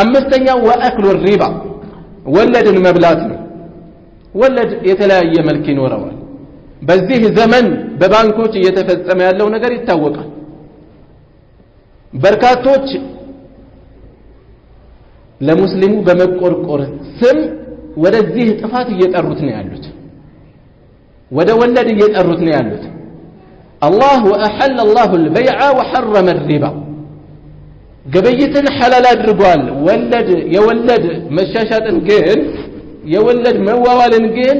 አምስተኛው ወአክሉ ሪባ ወለድን መብላት ነው ወለድ የተለያየ መልክ ይኖረዋል በዚህ ዘመን በባንኮች እየተፈጸመ ያለው ነገር ይታወቃል በርካቶች ለሙስሊሙ በመቆርቆር ስም ወደዚህ ጥፋት እየጠሩት ነው ያሉት ወደ ወለድ እየጠሩት ነው ያሉት አላህ ወአሐለ አላሁ ልበይዓ ወሐረመ ሪባ ግብይትን ሐላል አድርጓል። ወለድ የወለድ መሻሻጥን ግን የወለድ መዋዋልን ግን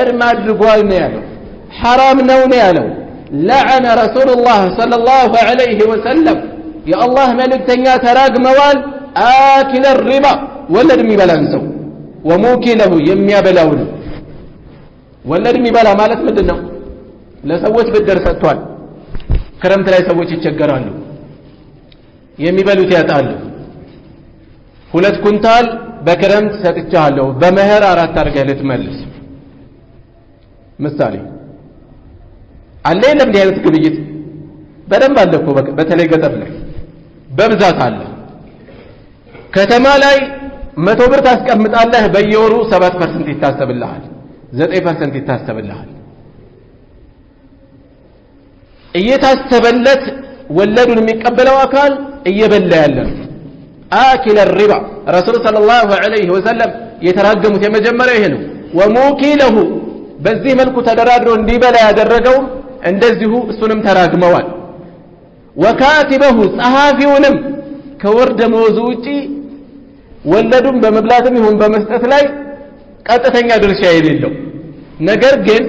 ዕርም አድርጓል ነው ያለው። ሐራም ነው ነው ያለው። ለዐነ ረሱሉላህ ሰለላሁ ዐለይሂ ወሰለም የአላህ መልእክተኛ ተራግመዋል። አኪለ ሪባ ወለድ የሚበላን ሰው ወሙኪለሁ የሚያበላውን ወለድ የሚበላ ማለት ምንድን ነው? ለሰዎች ብድር ሰጥቷል። ክረምት ላይ ሰዎች ይቸገራሉ። የሚበሉት ያጣሉ። ሁለት ኩንታል በክረምት ሰጥቻለሁ፣ በመኸር አራት አድርገህ ልትመልስ። ምሳሌ አለ የለም? እንዲህ አይነት ግብይት በደንብ አለ እኮ በተለይ ገጠር ላይ በብዛት አለ። ከተማ ላይ መቶ ብር ታስቀምጣለህ፣ በየወሩ 7% ይታሰብልሃል፣ 9 ፐርሰንት ይታሰብልሃል። እየታሰበለት ወለዱን የሚቀበለው አካል እየበላ ያለ ነው። አኪለ ሪባ ረሱል ሰለላሁ ዐለይሂ ወሰለም የተራገሙት የመጀመሪያ ይሄ ነው። ወሙኪለሁ በዚህ መልኩ ተደራድሮ እንዲበላ ያደረገውም እንደዚሁ እሱንም ተራግመዋል። ወካቲበሁ ጸሐፊውንም ከወር ደመወዙ ውጪ ወለዱን በመብላትም ይሁን በመስጠት ላይ ቀጥተኛ ድርሻ የሌለው ነገር ግን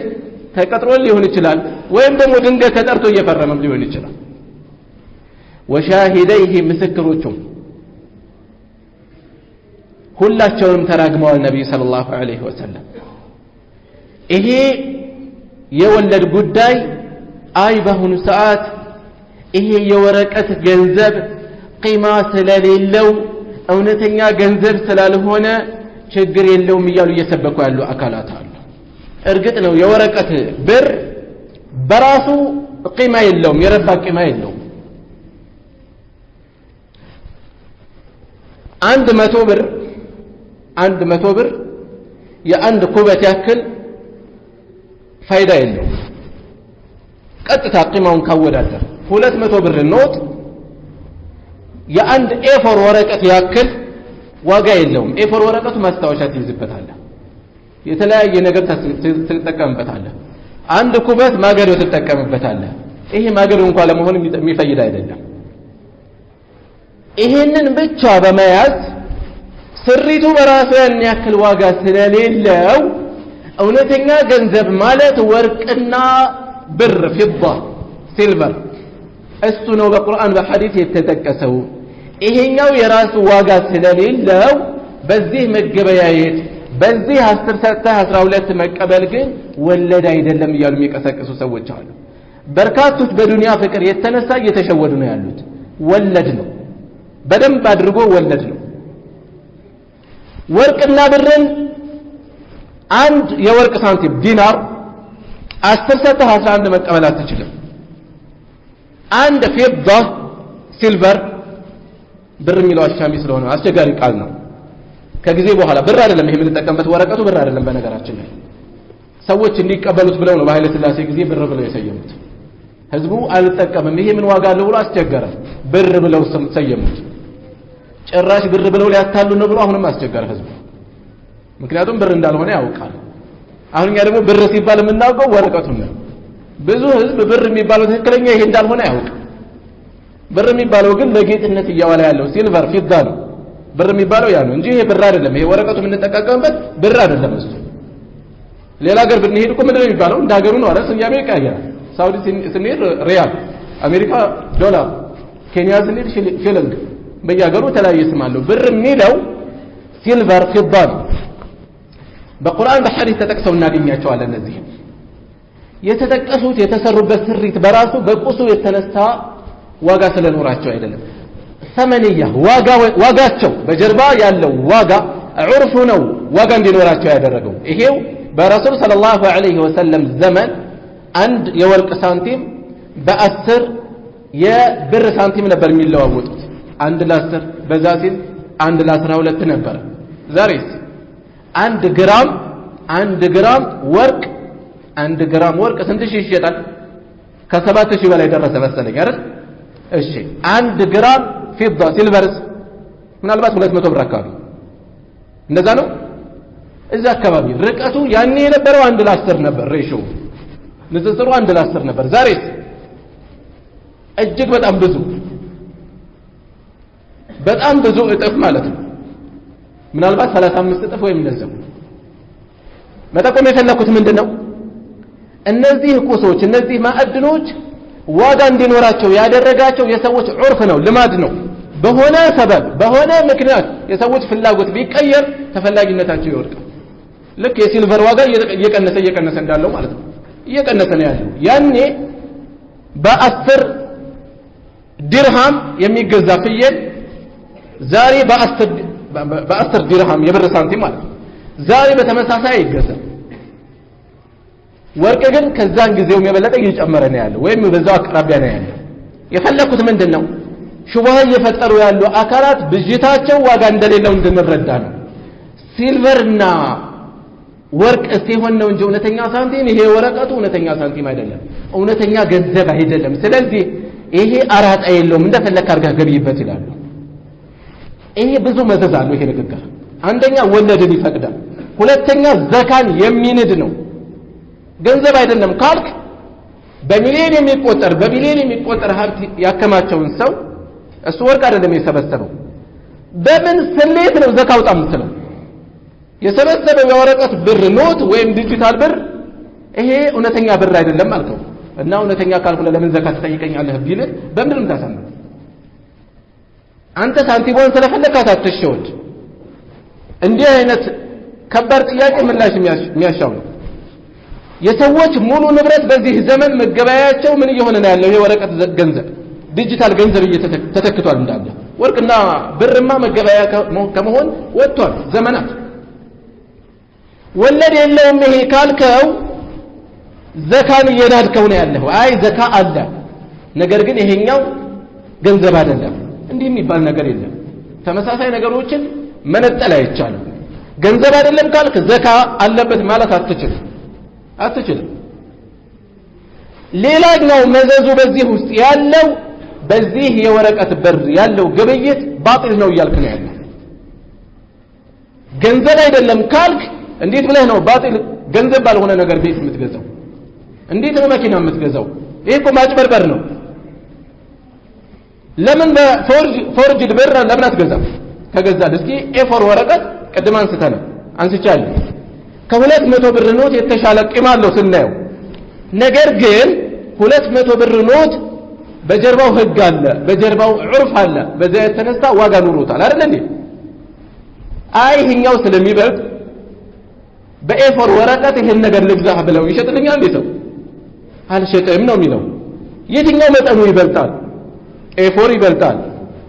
ተቀጥሮ ሊሆን ይችላል፣ ወይም ደግሞ ድንገት ተጠርቶ እየፈረመም ሊሆን ይችላል። ወሻሂደይህ ምስክሮቹም ሁላቸውንም ተራግመዋል ነቢዩ ሰለላሁ ዐለይሂ ወሰለም። ይሄ የወለድ ጉዳይ አይ በአሁኑ ሰዓት ይሄ የወረቀት ገንዘብ ቂማ ስለሌለው እውነተኛ ገንዘብ ስላልሆነ ችግር የለውም እያሉ እየሰበኩ ያሉ አካላት አሉ። እርግጥ ነው የወረቀት ብር በራሱ ቂማ የለውም፣ የረባ ቂማ የለውም። አንድ መቶ ብር አንድ መቶ ብር የአንድ ኩበት ያክል ፋይዳ የለው። ቀጥታ ቂማውን ካወዳደር ሁለት መቶ ብር ኖት የአንድ ኤፎር ወረቀት ያክል ዋጋ የለውም። ኤፎር ወረቀቱ ማስታወሻ ትይዝበታለህ፣ የተለያየ ነገር ትጠቀምበታለህ። አንድ ኩበት ማገዶ ትጠቀምበታለህ። ይሄ ማገዶ እንኳን ለመሆን የሚፈይድ አይደለም። ይሄንን ብቻ በመያዝ ስሪቱ በራሱ ያን ያክል ዋጋ ስለሌለው እውነተኛ ገንዘብ ማለት ወርቅና ብር ፊዳ ሲልቨር እሱ ነው በቁርአን በሐዲስ የተጠቀሰው ይሄኛው የራሱ ዋጋ ስለሌለው በዚህ መገበያየት በዚህ አስር ሰጥተህ አስራ ሁለት መቀበል ግን ወለድ አይደለም እያሉ የሚቀሰቅሱ ሰዎች አሉ በርካቶች በዱንያ ፍቅር የተነሳ እየተሸወዱ ነው ያሉት ወለድ ነው በደንብ አድርጎ ወለድ ነው። ወርቅና ብርን አንድ የወርቅ ሳንቲም ዲናር አስር ሰጥተህ አስራ አንድ መቀበል አትችልም። አንድ ፌዳ ሲልቨር ብር የሚለው አሻሚ ስለሆነ አስቸጋሪ ቃል ነው። ከጊዜ በኋላ ብር አይደለም ይሄ የምንጠቀምበት ወረቀቱ ብር አይደለም። በነገራችን ላይ ሰዎች እንዲቀበሉት ብለው ነው በኃይለ ሥላሴ ጊዜ ብር ብለው የሰየሙት። ህዝቡ አልጠቀምም ይሄ ምን ዋጋ አለው ብሎ አስቸገረ። ብር ብለው ሰየሙት። ጭራሽ ብር ብለው ሊያታሉ ነው ብሎ አሁንም አስቸጋሪ ህዝቡ። ምክንያቱም ብር እንዳልሆነ ያውቃል። አሁን እኛ ደግሞ ብር ሲባል የምናውቀው ወረቀቱን ነው። ብዙ ህዝብ ብር የሚባለው ትክክለኛ ይሄ እንዳልሆነ ያውቃል። ብር የሚባለው ግን ለጌጥነት እያዋላ ያለው ሲልቨር ፊዳ ነው። ብር የሚባለው ያ ነው እንጂ ይሄ ብር አይደለም። ይሄ ወረቀቱ የምንጠቃቀምበት ብር አይደለም እሱ። ሌላ ሀገር ብንሄድ እኮ ምንድን ነው የሚባለው? እንደ ሀገሩ ነው አይደል? አሜሪካ ያ ሳውዲ ስንሄድ ሪያል፣ አሜሪካ ዶላር፣ ኬንያ ስንሄድ ሺሊንግ በየሀገሩ የተለያየ ስም አለው ብር የሚለው ሲልቨር ፊዳ ነው በቁርአን በሐዲስ ተጠቅሰው እናገኛቸዋለን እነዚህ የተጠቀሱት የተሰሩበት ስሪት በራሱ በቁሱ የተነሳ ዋጋ ስለኖራቸው አይደለም ሰመንያ ዋጋቸው በጀርባ ያለው ዋጋ ዑርፉ ነው ዋጋ እንዲኖራቸው ያደረገው ይሄው በረሱል ሰለላሁ ዐለይሂ ወሰለም ዘመን አንድ የወርቅ ሳንቲም በአስር የብር ሳንቲም ነበር የሚለዋወጡት አንድ ለአስር በዛ ሲል አንድ ለአስራ ሁለት ነበረ። ዛሬስ አንድ ግራም አንድ ግራም ወርቅ አንድ ግራም ወርቅ ስንት ሺህ ይሸጣል? ከሰባት ሺህ በላይ ደረሰ መሰለኝ አይደል? እሺ አንድ ግራም ፊዳ ሲልቨርስ ምናልባት ሁለት መቶ ብር አካባቢ እንደዛ ነው። እዛ አካባቢ ርቀቱ ያኔ የነበረው አንድ ለአስር ነበር። ሬሾ ንጽጽሩ አንድ ለአስር ነበር። ዛሬስ እጅግ በጣም ብዙ በጣም ብዙ እጥፍ ማለት ነው። ምናልባት 35 እጥፍ ወይም እንደዚያው። መጠቆም የፈለኩት ምንድን ነው? እነዚህ ቁሶች እነዚህ ማዕድኖች ዋጋ እንዲኖራቸው ያደረጋቸው የሰዎች ዑርፍ ነው፣ ልማድ ነው። በሆነ ሰበብ በሆነ ምክንያት የሰዎች ፍላጎት ቢቀየር ተፈላጊነታቸው ይወድቃል። ልክ የሲልቨር ዋጋ እየቀነሰ እየቀነሰ እንዳለው ማለት ነው። እየቀነሰ ነው ያለው። ያኔ በአስር ድርሃም የሚገዛ ፍየል ዛሬ በአስር ዲርሃም የብር ሳንቲም ማለት ነው። ዛሬ በተመሳሳይ አይገዛም። ወርቅ ግን ከዛን ጊዜውም የበለጠ እየጨመረ ነው ያለው፣ ወይም በዛው አቅራቢያ ነው ያለው። የፈለኩት ምንድን ነው? እየፈጠሩ ያሉ አካላት ብዥታቸው ዋጋ እንደሌለው እንድንረዳ ነው። ሲልቨርና ወርቅ ሲሆን ነው እንጂ እውነተኛ ሳንቲም ይሄ ወረቀቱ እውነተኛ ሳንቲም አይደለም፣ እውነተኛ ገንዘብ አይደለም። ስለዚህ ይሄ አራጣ የለውም፣ እንደፈለክ አርጋ ገብይበት ይላሉ። ይሄ ብዙ መዘዝ አለው። ይሄ ንግግር አንደኛ ወለድን ይፈቅዳል፣ ሁለተኛ ዘካን የሚንድ ነው። ገንዘብ አይደለም ካልክ በሚሊዮን የሚቆጠር በቢሊዮን የሚቆጠር ሀብት ያከማቸውን ሰው እሱ ወርቅ አይደለም የሰበሰበው። በምን ስሌት ነው ዘካ አውጣ የምትለው? የሰበሰበው የወረቀት ብር ኖት ወይም ዲጂታል ብር ይሄ እውነተኛ ብር አይደለም አልከው እና እውነተኛ ካልሆነ ለምን ዘካ ትጠይቀኛለህ ቢልህ በምንድን ነው አንተ ሳንቲሟን ስለፈለካት አትሸወድ። እንዲህ አይነት ከባድ ጥያቄ ምላሽ የሚያሻው ነው። የሰዎች ሙሉ ንብረት በዚህ ዘመን መገበያያቸው ምን እየሆነ ነው ያለው? የወረቀት ገንዘብ ዲጂታል ገንዘብ ተተክቷል እንዳለ። ወርቅና ብርማ መገበያያ ከመሆን ወጥቷል። ዘመናት ወለድ የለውም ይሄ ካልከው ዘካን እየናድከው ነው ያለው። አይ ዘካ አለ፣ ነገር ግን ይሄኛው ገንዘብ አይደለም። እንዲህ የሚባል ነገር የለም። ተመሳሳይ ነገሮችን መነጠል አይቻልም። ገንዘብ አይደለም ካልክ ዘካ አለበት ማለት አትችል አትችልም። ሌላኛው መዘዙ በዚህ ውስጥ ያለው በዚህ የወረቀት በር ያለው ግብይት ባጢል ነው እያልክ ነው ያለው። ገንዘብ አይደለም ካልክ እንዴት ብለህ ነው ባጢል ገንዘብ ባልሆነ ነገር ቤት የምትገዛው? እንዴት ነው መኪና የምትገዛው? ይሄ እኮ ማጭበርበር ነው። ለምን ፎርጅ ብር ለምን አትገዛም? ከገዛል እስኪ ኤፎር ወረቀት ቅድም አንስተ ነው አንስቻለሁ። ከሁለት መቶ ብር ኖት የተሻለ ቂም አለው ስናየው። ነገር ግን ሁለት መቶ ብር ኖት በጀርባው ህግ አለ፣ በጀርባው ዑርፍ አለ። በዛ የተነሳ ዋጋ ኑሮታል አይደል እንዴ? አይ ይሄኛው ስለሚበልጥ በኤፎር ወረቀት ይህን ነገር ልግዛህ ብለው ይሸጥልኛል እንዴ? ሰው አልሸጥም ነው የሚለው። የትኛው መጠኑ ይበልጣል? ኤፎር ይበልጣል።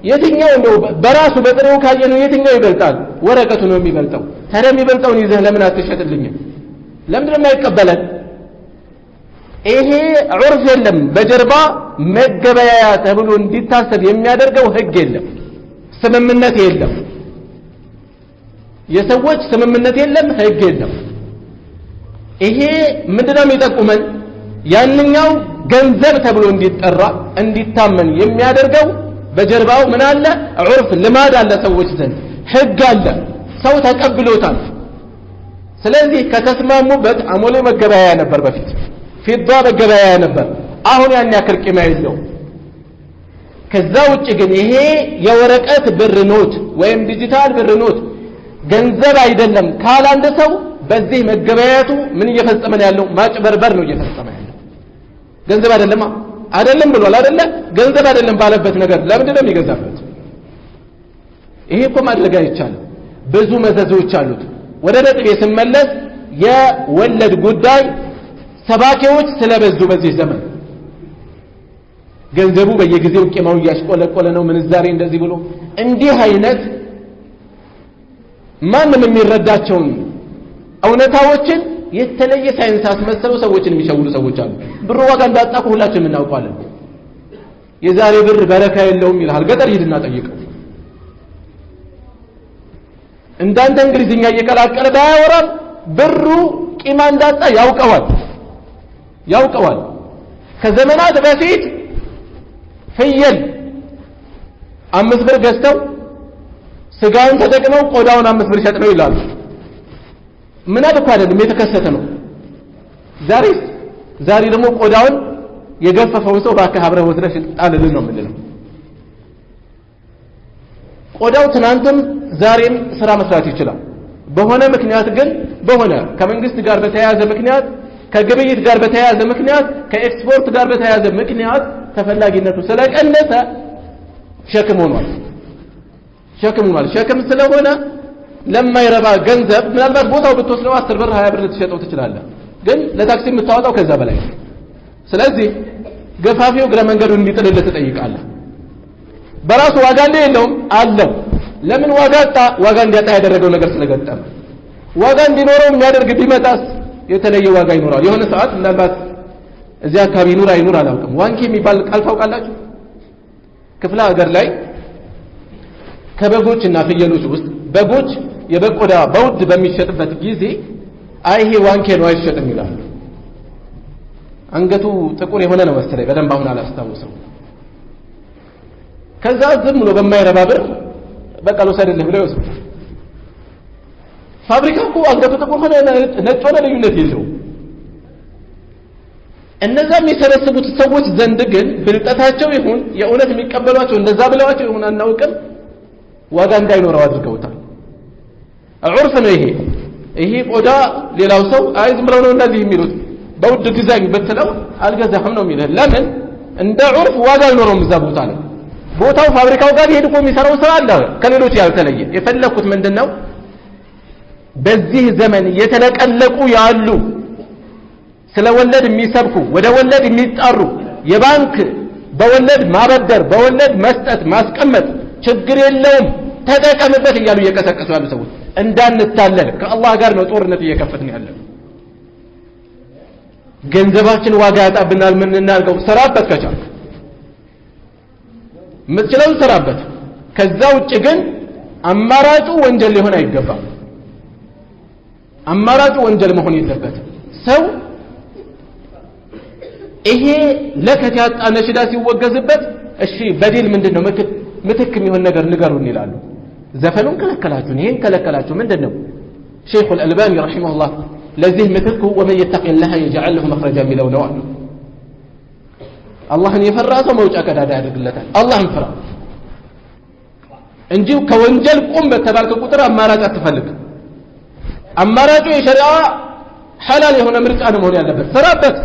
የትኛው ነው በራሱ በጥሬው ነው የትኛው ይበልጣል? ወረቀቱ ነው የሚበልጠው። ታዲያ የሚበልጠውን ይዘህ ለምን አትሸጥልኝም? ለምንድን ነው የማይቀበለን? ይሄ ዑርፍ የለም። በጀርባ መገበያያ ተብሎ እንዲታሰብ የሚያደርገው ህግ የለም፣ ስምምነት የለም። የሰዎች ስምምነት የለም፣ ህግ የለም። ይሄ ምንድነው የሚጠቁመን ያንኛው ገንዘብ ተብሎ እንዲጠራ እንዲታመን የሚያደርገው በጀርባው ምን አለ? ዑርፍ ልማድ አለ፣ ሰዎች ዘንድ ህግ አለ፣ ሰው ተቀብሎታል። ስለዚህ ከተስማሙበት አሞሌ መገበያያ ነበር፣ በፊት ፊዳ መገበያያ ነበር። አሁን ያን ያክል ቂም የለው። ከዛ ውጭ ግን ይሄ የወረቀት ብር ኖት ወይም ዲጂታል ብር ኖት ገንዘብ አይደለም ካል አንድ ሰው በዚህ መገበያቱ ምን እየፈጸመን ያለው ማጭበርበር ነው እየፈጸመ ገንዘብ አይደለም አይደለም ብሏል አይደለ ገንዘብ አይደለም ባለበት ነገር ለምንድን ነው የሚገዛበት ይሄ እኮ ማድረግ አይቻልም ብዙ መዘዞች አሉት ወደ ነጥቤ ስመለስ የወለድ ጉዳይ ሰባኪዎች ስለበዙ በዚህ ዘመን ገንዘቡ በየጊዜው ቂማው እያሽቆለቆለ ነው ምንዛሬ እንደዚህ ብሎ እንዲህ አይነት ማንም የሚረዳቸውን እውነታዎችን የተለየ ሳይንስ አስመሰለው ሰዎችን የሚሸውዱ ሰዎች አሉ። ብሩ ዋጋ እንዳጣ እኮ ሁላችንም እናውቃለን። የዛሬ ብር በረካ የለውም ይልሃል። ገጠር ሂድና ጠይቀው። እንዳንተ እንግሊዝኛ እየቀላቀለ ባያወራም ብሩ ቂማ እንዳጣ ያውቀዋል ያውቀዋል። ከዘመናት በፊት ፍየል አምስት ብር ገዝተው ስጋውን ተጠቅመው ቆዳውን አምስት ብር ሸጥነው ይላሉ። ምናብ እኮ አይደለም የተከሰተ ነው። ዛሬ ዛሬ ደግሞ ቆዳውን የገፈፈውን ሰው እባክህ አብረህ ወስደሽ ጣልልን ነው የምንለው። ቆዳው ትናንትም ዛሬም ስራ መስራት ይችላል። በሆነ ምክንያት ግን በሆነ ከመንግስት ጋር በተያያዘ ምክንያት፣ ከግብይት ጋር በተያያዘ ምክንያት፣ ከኤክስፖርት ጋር በተያያዘ ምክንያት ተፈላጊነቱ ስለቀነሰ ሸክም ሆኗል። ሸክም ሆኗል። ሸክም ስለሆነ ለማይረባ ገንዘብ ምናልባት ቦታው ብትወስደው አስር ብር ሀያ ብር ልትሸጠው ትችላለህ። ግን ለታክሲ የምታወጣው ከዛ በላይ ነው። ስለዚህ ገፋፊው እግረ መንገዱን እንዲጥልልህ ትጠይቃለህ። በራሱ ዋጋ እንደ የለውም አለው። ለምን ዋጋ አጣ? ዋጋ እንዲያጣ ያደረገው ነገር ስለገጠመ። ዋጋ እንዲኖረው የሚያደርግ ቢመጣስ የተለየ ዋጋ ይኖራል። የሆነ ሰዓት ምናልባት እዚህ አካባቢ ይኑር አይኑር አላውቅም፣ ዋንኪ የሚባል ቃል ታውቃላችሁ? ክፍለ ሀገር ላይ ከበጎችና ፍየሎች ውስጥ በጎች የበቆዳ ቆዳ በውድ በሚሸጥበት ጊዜ አይሄ ዋንኬ ነው አይሸጥም ይላሉ። አንገቱ ጥቁር የሆነ ነው መሰለኝ፣ በደንብ አሁን አላስታውሰው። ከዛ ዝም ብሎ በማይረባ ብር በቃ ልውሰድልህ ብለው ይወስዱታል። ፋብሪካ እኮ አንገቱ ጥቁር ሆነ ነጭ ሆነ ልዩነት የለውም። እነዛ የሚሰበስቡት ሰዎች ዘንድ ግን ብልጠታቸው ይሁን የእውነት የሚቀበሏቸው እንደዛ ብለዋቸው ይሁን አናውቅም፣ ዋጋ እንዳይኖረው አድርገውታል። ዑርፍ ነው ይሄ ይሄ ቆዳ ሌላው ሰው አይ ዝም ብለው ነው እንደዚህ የሚሉት በውድ ግዛኝ ብትለው አልገዛህም ነው የሚልህ ለምን እንደ ዑርፍ ዋጋ አይኖረውም እዛ ቦታ ላይ ቦታው ፋብሪካው ጋር ሄድ እኮ የሚሰራው ስራ አለ ከሌሎች ያልተለየ የፈለግኩት ምንድን ነው በዚህ ዘመን የተለቀለቁ ያሉ ስለ ወለድ የሚሰብኩ ወደ ወለድ የሚጣሩ የባንክ በወለድ ማበደር በወለድ መስጠት ማስቀመጥ ችግር የለውም ተጠቀምበት እያሉ እየቀሰቀሱ ያሉ ሰዎች እንዳንታለል ከአላህ ጋር ነው ጦርነት እየከፈትን ያለ ገንዘባችን ዋጋ ያጣብናል። ምን ምንናርገው? ስራበት፣ ከቻልክ ምትችለው ስራበት። ከዛ ውጭ ግን አማራጩ ወንጀል ሊሆን አይገባም። አማራጩ ወንጀል መሆን የለበትም። ሰው ይሄ ለከት ያጣ ነሽዳ ሲወገዝበት፣ እሺ በዴል ምንድን ነው ምትክ የሚሆን ነገር ንገሩን ይላሉ። زفنون كلكلاتون هين كلكلاتون من دنو شيخ الألباني رحمه الله لذيه مثلك ومن يتق الله يجعل له مخرجا من لونه الله ان يفرى موج اكد هذا الله يفرى انجيو كونجل قم بتبارك قطر امارات اتفلك امارات الشريعه حلال هنا مرق انا مولي على بس سرابت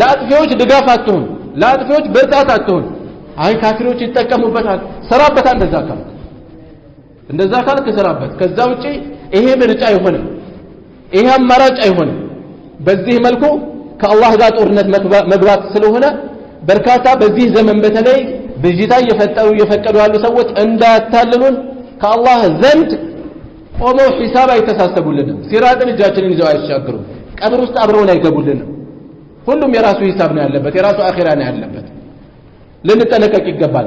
لا تفوت دغافاتون لا تفوت برتاتاتون هاي كافروش يتكموا بس سرابت عند ذاك እንደዛ ካልክ ስራበት። ከዛ ውጪ ይሄ ምርጫ አይሆንም፣ ይሄ አማራጭ አይሆንም። በዚህ መልኩ ከአላህ ጋር ጦርነት መግባት ስለሆነ በርካታ በዚህ ዘመን በተለይ ብዥታ እየፈጠሩ እየፈቀዱ ያሉ ሰዎች እንዳያታልሉን ከአላህ ዘንድ ቆመው ሒሳብ አይተሳሰቡልንም። ሲራጥን እጃችንን ይዘው አያሻግሩም። ቀብር ውስጥ አብረውን አይገቡልንም። ሁሉም የራሱ ሂሳብ ነው ያለበት፣ የራሱ አኺራ ነው ያለበት። ልንጠነቀቅ ይገባል።